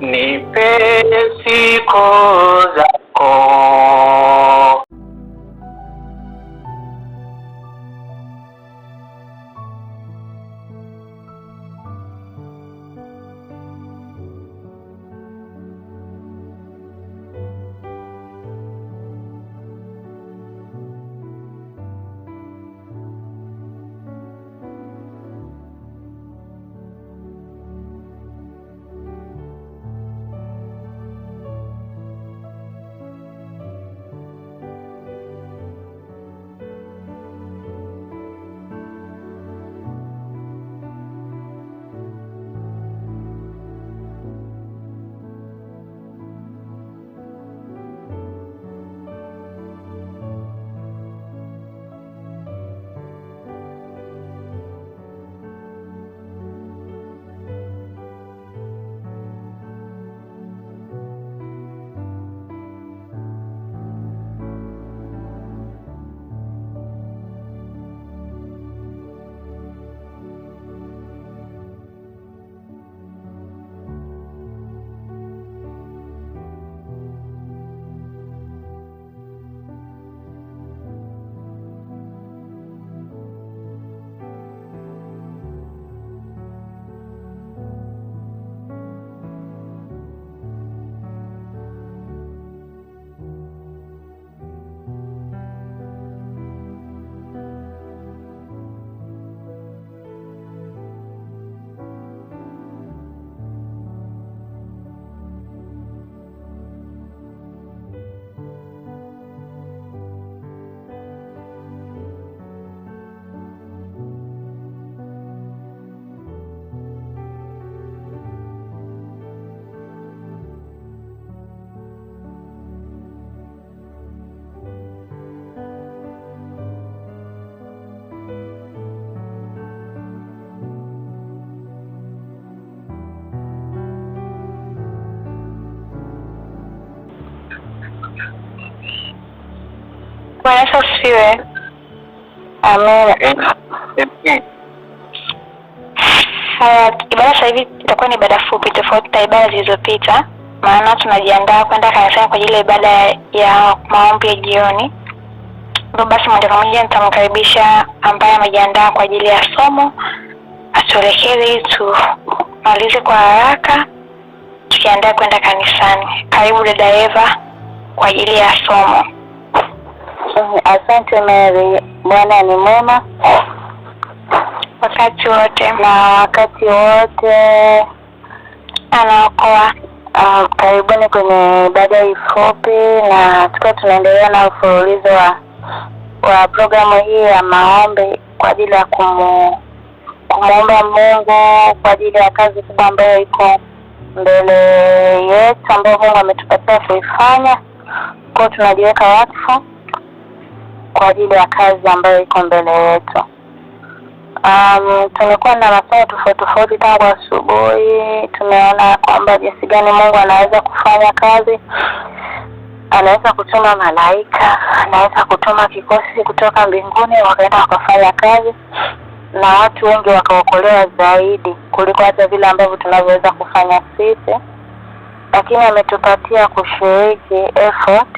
Nipe siku zako sí, Yesu asifiwe. Amina. Haya, ibada sasa hivi itakuwa ni ibada fupi tofauti na ibada zilizopita, maana tunajiandaa kwenda kanisani kwa ajili ya ibada ya maombi ya jioni. Ndio basi, moja kwa moja nitamkaribisha ambaye amejiandaa kwa ajili ya somo atuelekeze ili tumalize kwa haraka, tukiandaa kwenda kanisani. Karibu dada Eva kwa ajili ya somo. Asante Mary, Bwana ni mwema wakati wote na wakati wote anaokoa. Uh, ah, karibuni kwenye ibada hii fupi, na tukiwa tunaendelea na mfululizo wa, wa programu hii ya maombi kwa ajili ya kumu, kumwomba Mungu kwa ajili ya kazi kubwa ambayo iko mbele yetu ambayo Mungu ametupatia kuifanya kwa tunajiweka wakfu kwa ajili ya kazi ambayo iko mbele yetu. Um, tumekuwa na masomo tofauti tofauti tangu asubuhi. Tumeona kwamba jinsi gani Mungu anaweza kufanya kazi, anaweza kutuma malaika, anaweza kutuma kikosi kutoka mbinguni, wakaenda wakafanya kazi na watu wengi wakaokolewa zaidi kuliko hata vile ambavyo tunavyoweza kufanya sisi, lakini ametupatia kushiriki effort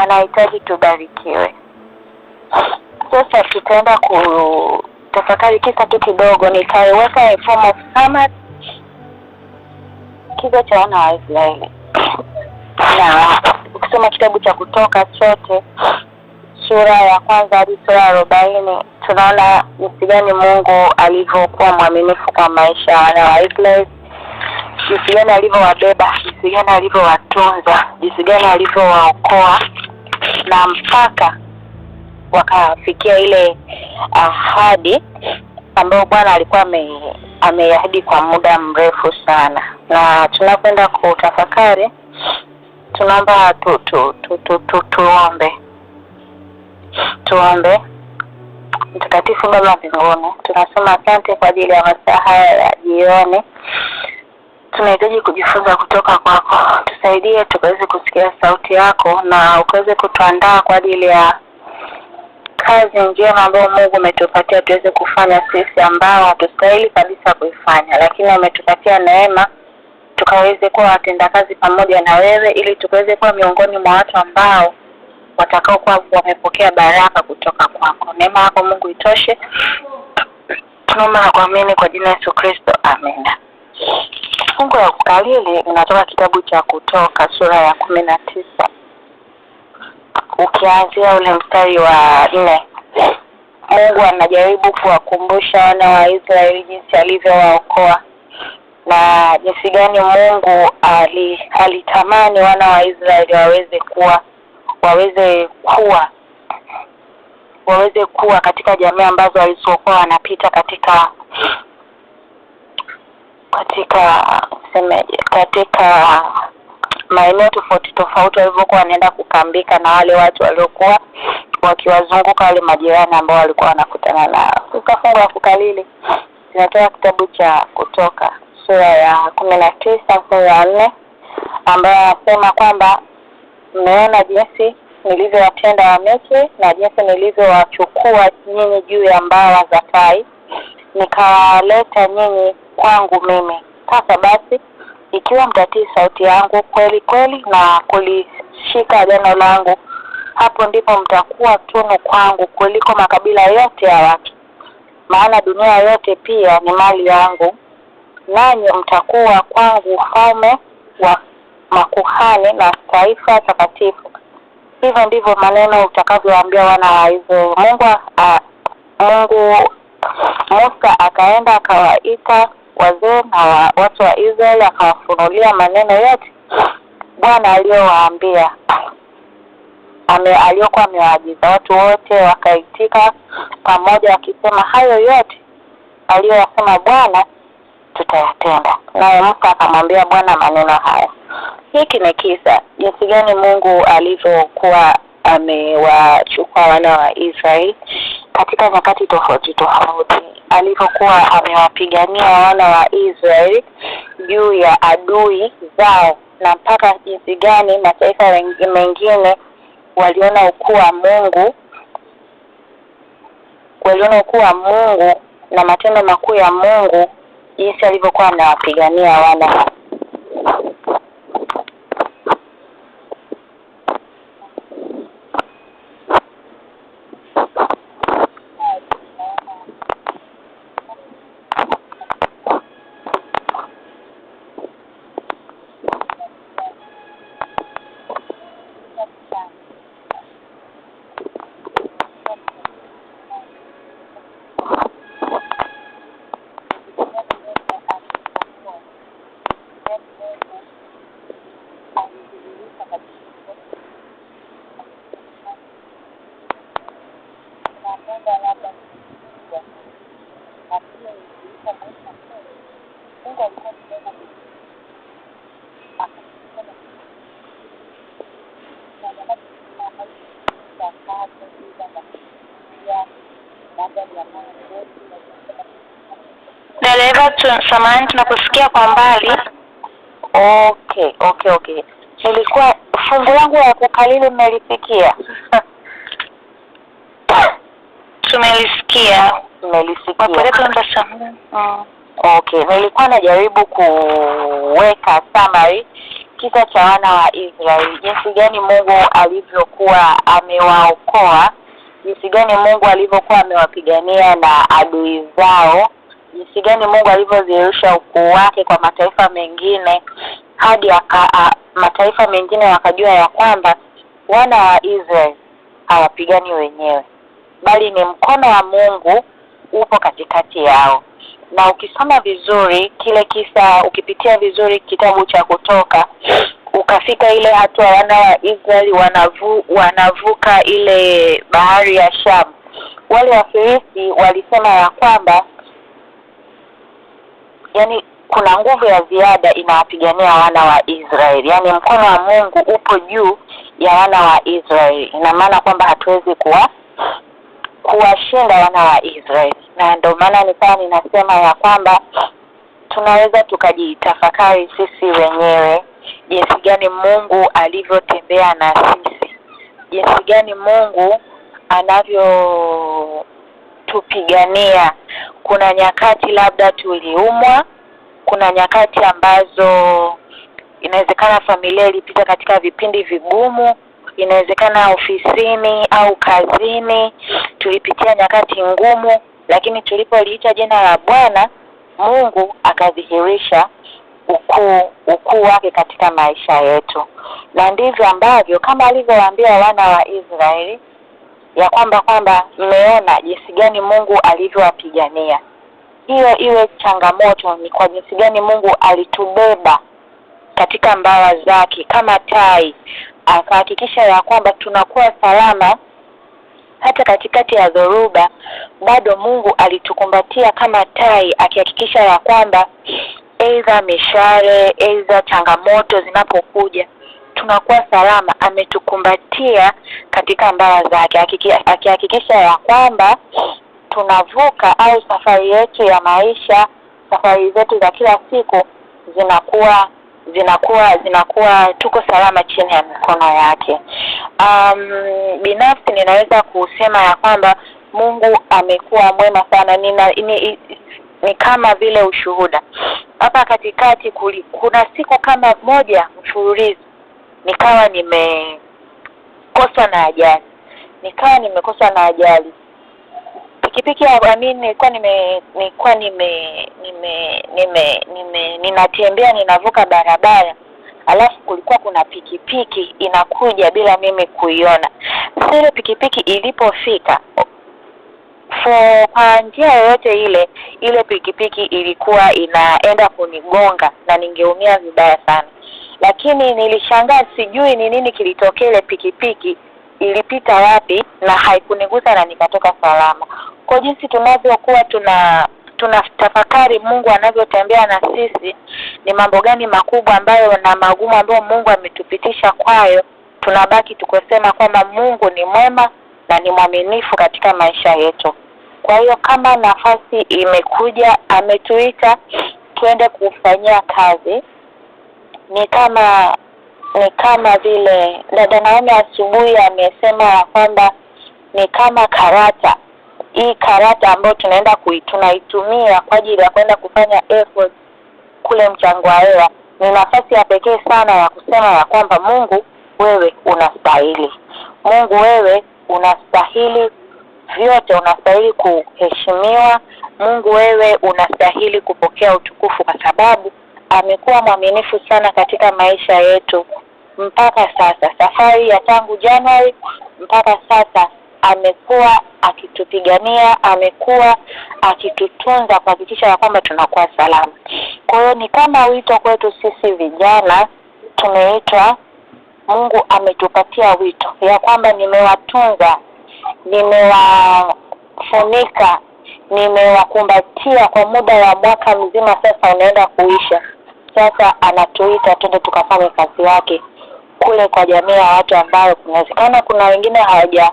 anahitaji tubarikiwe. Sasa tutaenda kutafakari kisa tu kidogo, nitaiweka in form of summary cha wana wa Israeli na ukisoma kitabu cha Kutoka chote sura ya kwanza hadi sura ya arobaini tunaona jinsi gani Mungu alivyokuwa mwaminifu kwa maisha ya wana wa Israeli jinsi gani alivyowabeba, jinsi gani alivyowatunza, jinsi gani alivyowaokoa na mpaka wakafikia ile ahadi ambayo Bwana alikuwa ame ameahidi kwa muda mrefu sana, na tunakwenda kutafakari. Tunaomba tu, tu, tu, tu, tu, tuombe tuombe. Mtakatifu Baba mbinguni, tunasema asante kwa ajili ya masaa haya ya jioni tunahitaji kujifunza kutoka kwako. Tusaidie tukaweze kusikia sauti yako na ukaweze kutuandaa kwa ajili ya kazi njema ambayo Mungu umetupatia tuweze kufanya sisi ambao hatustahili kabisa kuifanya, lakini umetupatia neema tukaweze kuwa watendakazi pamoja na wewe, ili tukaweze kuwa miongoni mwa watu ambao watakaokuwa wamepokea baraka kutoka kwako. Neema yako Mungu itoshe. Tunaomba na kuamini kwa jina la Yesu Kristo, amina. Fungu la ukalili linatoka kitabu cha Kutoka sura ya kumi na tisa ukianzia ule mstari wa nne. Mungu anajaribu kuwakumbusha wana wa Israeli jinsi alivyowaokoa na jinsi gani Mungu ali, alitamani wana wa Israeli waweze kuwa waweze kuwa waweze kuwa katika jamii ambazo walizokuwa wanapita katika katika seme, katika maeneo tofauti tofauti walivyokuwa wanaenda kukambika na wale watu waliokuwa wakiwazunguka wale majirani ambao walikuwa wanakutana nao. Sasa fungu la kukalili tunatoa kitabu cha Kutoka sura ya kumi na tisa fungu ya nne ambayo anasema kwamba mmeona jinsi nilivyowatenda wa na jinsi nilivyowachukua nyinyi juu ya mbawa za tai nikawaleta nyinyi kwangu mimi. Sasa basi, ikiwa mtatii sauti yangu kweli kweli na kulishika agano langu, hapo ndipo mtakuwa tunu kwangu kuliko makabila yote ya watu, maana dunia yote pia ni mali yangu, nanyi mtakuwa kwangu ufalme wa makuhani na taifa takatifu. Hivyo ndivyo maneno utakavyoambia wana wa Israeli. Mungu a, Mungu Musa akaenda akawaita wazee na watu wa Israeli, akawafunulia maneno yote Bwana aliyowaambia ame aliyokuwa amewaagiza. Watu wote wakaitika pamoja, wakisema hayo yote aliyoyasema Bwana tutayatenda. Naye Musa akamwambia Bwana maneno haya. Hiki ni kisa jinsi gani Mungu alivyokuwa amewachukua wana wa Israel katika nyakati tofauti tofauti alivyokuwa amewapigania wana wa Israel juu ya adui zao na mpaka jinsi gani mataifa mengine waliona ukuu wa Mungu waliona ukuu wa Mungu na matendo makuu ya Mungu jinsi alivyokuwa anawapigania wana tuna, samahani tunakusikia kwa mbali. Okay, okay, okay. Nilikuwa fungu langu la kukalili mmelisikia? Tumelisikia, tumelisikia. Mm. Okay, nilikuwa najaribu kuweka summary kisa cha wana wa Israeli, jinsi gani Mungu alivyokuwa amewaokoa, jinsi gani Mungu alivyokuwa amewapigania na adui zao jinsi gani Mungu alivyodhihirisha ukuu wake kwa mataifa mengine hadi aka, a, mataifa mengine wakajua ya kwamba wana wa Israeli hawapigani wenyewe, bali ni mkono wa Mungu upo katikati yao. Na ukisoma vizuri kile kisa, ukipitia vizuri kitabu cha Kutoka, ukafika ile hatua wana wa Israeli wanavu, wanavuka ile bahari ya Shamu, wale Wafilisti walisema ya kwamba yani kuna nguvu ya ziada inawapigania wana wa Israeli, yaani mkono wa Mungu upo juu ya wana wa Israeli. Ina maana kwamba hatuwezi kuwa kuwashinda wana wa Israeli, na ndio maana nikawa ninasema ya kwamba tunaweza tukajitafakari sisi wenyewe jinsi gani Mungu alivyotembea na sisi, jinsi gani Mungu anavyo kutupigania. Kuna nyakati labda tuliumwa, kuna nyakati ambazo inawezekana familia ilipita katika vipindi vigumu, inawezekana ofisini au kazini tulipitia nyakati ngumu, lakini tulipoliita jina la Bwana Mungu akadhihirisha ukuu ukuu wake katika maisha yetu, na ndivyo ambavyo kama alivyowaambia wana wa Israeli ya kwamba kwamba mmeona jinsi gani Mungu alivyowapigania. Hiyo iwe changamoto, ni kwa jinsi gani Mungu alitubeba katika mbawa zake kama tai, akahakikisha ya kwamba tunakuwa salama hata katikati ya dhoruba. Bado Mungu alitukumbatia kama tai, akihakikisha ya kwamba aidha mishale, aidha changamoto zinapokuja tunakuwa salama, ametukumbatia katika mbawa zake, akihakikisha ya kwamba tunavuka au safari yetu ya maisha, safari zetu za kila siku zinakuwa zinakuwa zinakuwa tuko salama chini ya mikono yake. Um, binafsi ninaweza kusema ya kwamba Mungu amekuwa mwema sana. Nina, ni, ni kama vile ushuhuda hapa katikati kuli, kuna siku kama moja mfululizo nikawa nimekoswa na ajali, nikawa nimekoswa na ajali pikipiki I mean, nilikuwa nime nilikuwa nime nime nime nime ninatembea ninavuka barabara alafu kulikuwa kuna pikipiki inakuja bila mimi kuiona. Sasa ile pikipiki ilipofika for kwa njia yoyote ile, ile pikipiki ilikuwa inaenda kunigonga na ningeumia vibaya sana lakini nilishangaa, sijui ni nini kilitokea. Ile pikipiki ilipita wapi na haikunigusa na nikatoka salama. Kwa jinsi tunavyokuwa tuna tafakari Mungu anavyotembea na sisi, ni mambo gani makubwa ambayo na magumu ambayo Mungu ametupitisha kwayo, tunabaki tukosema kwamba Mungu ni mwema na ni mwaminifu katika maisha yetu. Kwa hiyo kama nafasi imekuja, ametuita tuende kufanyia kazi ni kama ni kama vile dada Naomi asubuhi amesema ya kwamba ni kama karata hii karata ambayo tunaenda tunaitumia kwa ajili ya kwenda kufanya effort kule mchango wa ni nafasi ya pekee sana ya kusema ya kwamba Mungu wewe unastahili, Mungu wewe unastahili vyote, unastahili kuheshimiwa, Mungu wewe unastahili kupokea utukufu, kwa sababu amekuwa mwaminifu sana katika maisha yetu mpaka sasa. Safari ya tangu Januari mpaka sasa amekuwa akitupigania, amekuwa akitutunza kuhakikisha ya kwamba tunakuwa salama. Kwa hiyo ni kama wito kwetu sisi vijana, tumeitwa, Mungu ametupatia wito ya kwamba nimewatunza, nimewafunika, nimewakumbatia kwa muda wa mwaka mzima, sasa unaenda kuisha sasa anatuita twende tukafanye kazi yake kule kwa jamii ya watu ambayo kunawezekana kuna wengine hawaja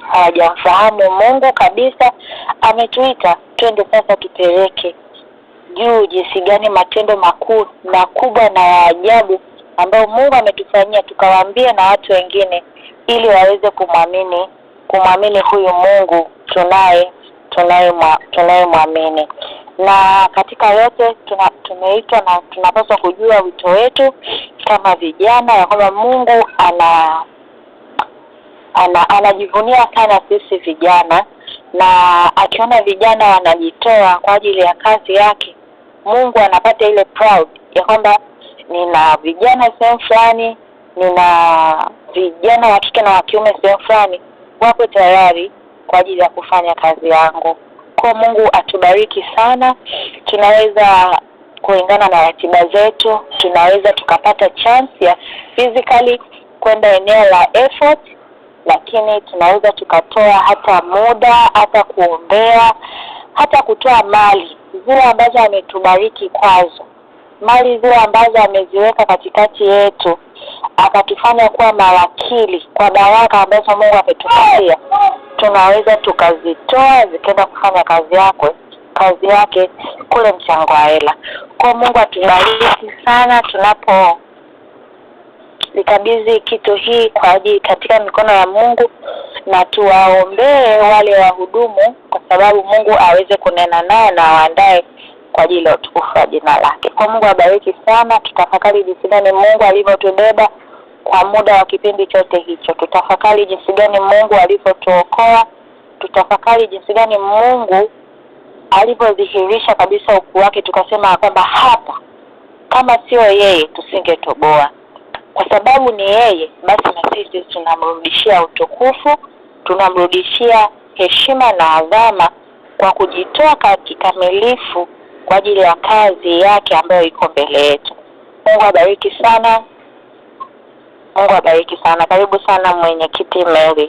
hawajamfahamu Mungu kabisa. Ametuita twende sasa tupeleke juu jinsi gani matendo makuu makubwa na ya ajabu ambayo Mungu ametufanyia, tukawaambia na watu wengine, ili waweze kumwamini kumwamini huyu Mungu tunaye tunayemwamini na katika yote tuna, tumeitwa na tunapaswa kujua wito wetu kama vijana ya kwamba Mungu ana anajivunia sana sisi vijana, na akiona vijana wanajitoa kwa ajili ya kazi yake, Mungu anapata ile proud ya kwamba nina vijana sehemu fulani, nina vijana wa kike na wa kiume sehemu fulani, wapo tayari kwa ajili ya kufanya kazi yangu. Kwa Mungu atubariki sana, tunaweza kulingana na ratiba zetu, tunaweza tukapata chance ya physically kwenda eneo la effort, lakini tunaweza tukatoa hata muda, hata kuombea, hata kutoa mali zile ambazo ametubariki kwazo, mali zile ambazo ameziweka katikati yetu, akatufanya kuwa mawakili kwa baraka ambazo Mungu ametupatia tunaweza tukazitoa zikaenda kufanya kazi yako kazi yake kule mchango wa hela. Kwa Mungu atubariki sana tunapo likabidhi kitu hii kwa ajili katika mikono ya Mungu na tuwaombee wale wahudumu, kwa sababu Mungu aweze kunena nao na waandae kwa ajili ya utukufu wa jina lake. Kwa Mungu abariki sana, tutafakari jinsi Mungu alivyotubeba. Kwa muda wa kipindi chote hicho, tutafakari jinsi gani Mungu alivyotuokoa, tutafakari jinsi gani Mungu alivyodhihirisha kabisa ukuu wake, tukasema kwamba hapa kama sio yeye tusingetoboa. Kwa sababu ni yeye, basi na sisi tunamrudishia utukufu, tunamrudishia heshima na adhama kwa kujitoa kikamilifu kwa ajili ya kazi yake ambayo iko mbele yetu. Mungu abariki sana. Mungu abariki sana. Karibu sana mwenyekiti Mary.